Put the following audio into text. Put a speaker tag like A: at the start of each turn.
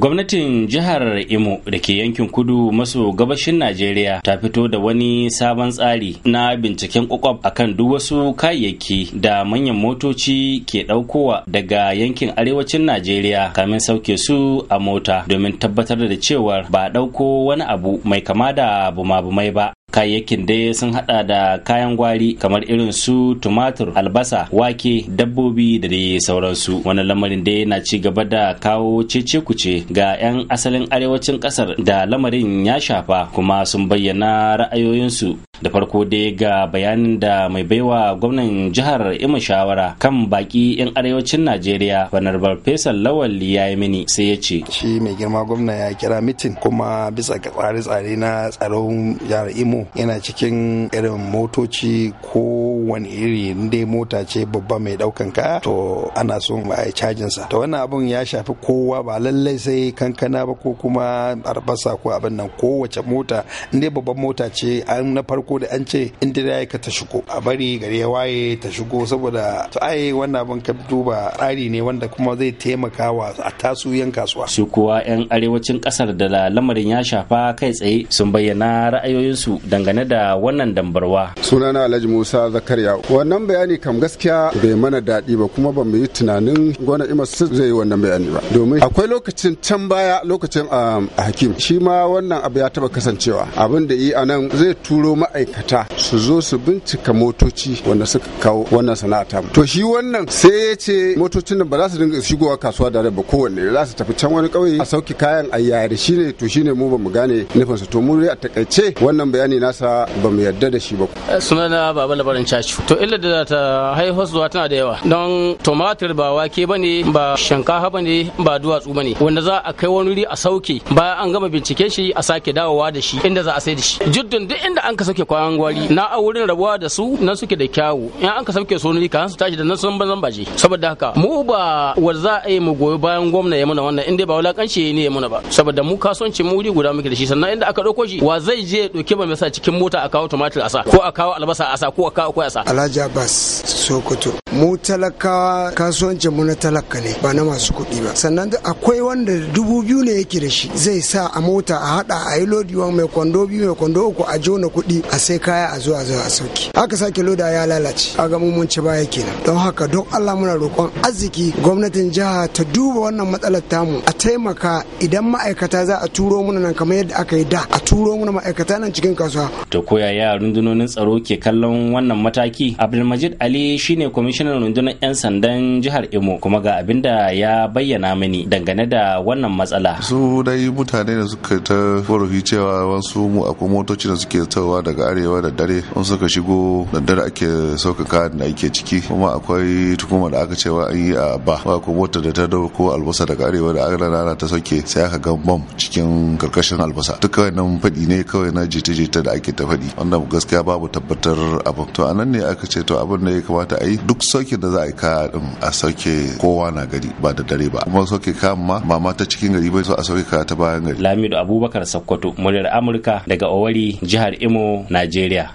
A: Gwamnatin jihar Imo da ke yankin kudu maso gabashin Najeriya ta fito da wani sabon tsari na binciken kwakwab akan duk wasu kayayyaki da manyan motoci ke ɗaukowa daga yankin arewacin Najeriya kamin sauke su a mota domin tabbatar da cewar ba ɗauko wani abu mai kama da bumabumai ba kayayyakin dai sun hada da kayan gwari kamar irin su tumatur albasa wake dabbobi da dai sauransu wani lamarin dai na ci gaba da kawo cece kuce ga 'yan asalin arewacin kasar da lamarin ya shafa kuma sun bayyana ra'ayoyinsu da farko dai ga bayanin da mai baiwa gwamnan jihar ima shawara
B: kan baki 'yan arewacin najeriya banar fesa lawal ya yi mini sai ya ce shi mai girma gwamna ya kira mitin kuma bisa ga tsare-tsare na tsaron jihar imo yana cikin irin motoci ko wani iri dai mota ce babba mai daukan kaya to ana so a yi cajinsa to wannan abun ya shafi kowa ba lallai sai kankana ba ko kuma arbasa ko abin nan kowace mota in dai babban mota ce an na farko farko da an ce in ya ka ta shigo a bari gari ya waye ta shigo saboda to ai wannan abin ka duba tsari ne wanda kuma zai taimaka wa a tasu yan kasuwa
A: su kuwa yan arewacin kasar da lamarin ya shafa kai tsaye sun bayyana ra'ayoyinsu dangane da wannan dambarwa
C: sunana Alhaji Musa Zakariya wannan bayani kam gaskiya bai mana daɗi ba kuma ban yi tunanin gona ima zai yi wannan bayani ba domin akwai lokacin can baya lokacin a um, hakim shi ma wannan abu ya taba kasancewa abin da yi anan zai turo ma'aikata ma'aikata su zo su bincika motoci wanda suka kawo wannan sana'a to shi wannan sai ya ce motocin nan ba za su dinga shigowa kasuwa da ba kowanne za su tafi can wani kauye a sauke kayan a yare ne to ne mu ba mu gane nufin su to mu a takaice wannan bayani nasa ba mu yarda da shi ba
D: eh, na baba labarin cacu to illa da ta haihuwa zuwa tana da yawa don tumatir ba wake ne ba shinkafa ne ba duwatsu ne wanda za a kai wani wuri a sauke bayan an gama bincike shi a sake dawowa da shi inda za a sai da shi juddun duk inda an ka sauke kwayan gwari na a wurin rabuwa da su nan suke da kyawu in an ka sauke su ne kan su tashi da nan sun banzan baje saboda haka mu ba wa za a yi mu goyi bayan gwamna ya muna wannan inda ba wulakanci ne ya muna ba saboda mu kasuwancin mu wuri guda muke da shi sannan inda aka dauko shi wa zai je ya dauke ba mai sa cikin mota a kawo tumatir a sa ko a kawo albasa a sa ko a kawo kwai a sa
E: Alhaji Abbas sokoto mu talakawa kasuwancin mu na talaka ne ba na masu kuɗi ba sannan da akwai wanda dubu biyu ne yake da shi zai sa a mota a haɗa a yi lodi mai kwando biyu mai kwando uku a jona kuɗi a sai kaya a zuwa zuwa a sauki aka sake loda ya lalace a ga mun ci baya kenan don haka don Allah muna roƙon arziki gwamnatin jiha ta duba wannan matsalar tamu a taimaka idan ma'aikata za a turo muna nan kamar yadda aka yi da a turo muna ma'aikata nan cikin kasuwa
A: Ta koya ya rundunonin tsaro ke kallon wannan mataki Abdulmajid Ali shine kwamishinan rundunar 'yan sandan jihar Imo kuma ga abin da ya bayyana mini dangane da wannan matsala.
F: Su dai mutane da suka ta forofi cewa wasu mu akwai motoci da suke tawa daga arewa da dare wasu suka shigo da dare ake sauka kayan da ake ciki kuma akwai tukuma da aka cewa an yi a ba ba ko da ta dauko albasa daga arewa da aka rana ta sauke sai aka ga bom cikin karkashin albasa duk kawai nan faɗi ne kawai na jita-jita da ake ta faɗi wanda gaskiya babu tabbatar abu to anan ne aka ce to abin da ya kamata kamata a yi duk sauke da za a yi kaya din a sauke kowa na gari ba da dare ba kuma sauke kayan ma mama ta cikin gari bai so a sauke kaya ta bayan gari lamido abubakar sakkwato muryar amurka daga owari jihar imo
A: najeriya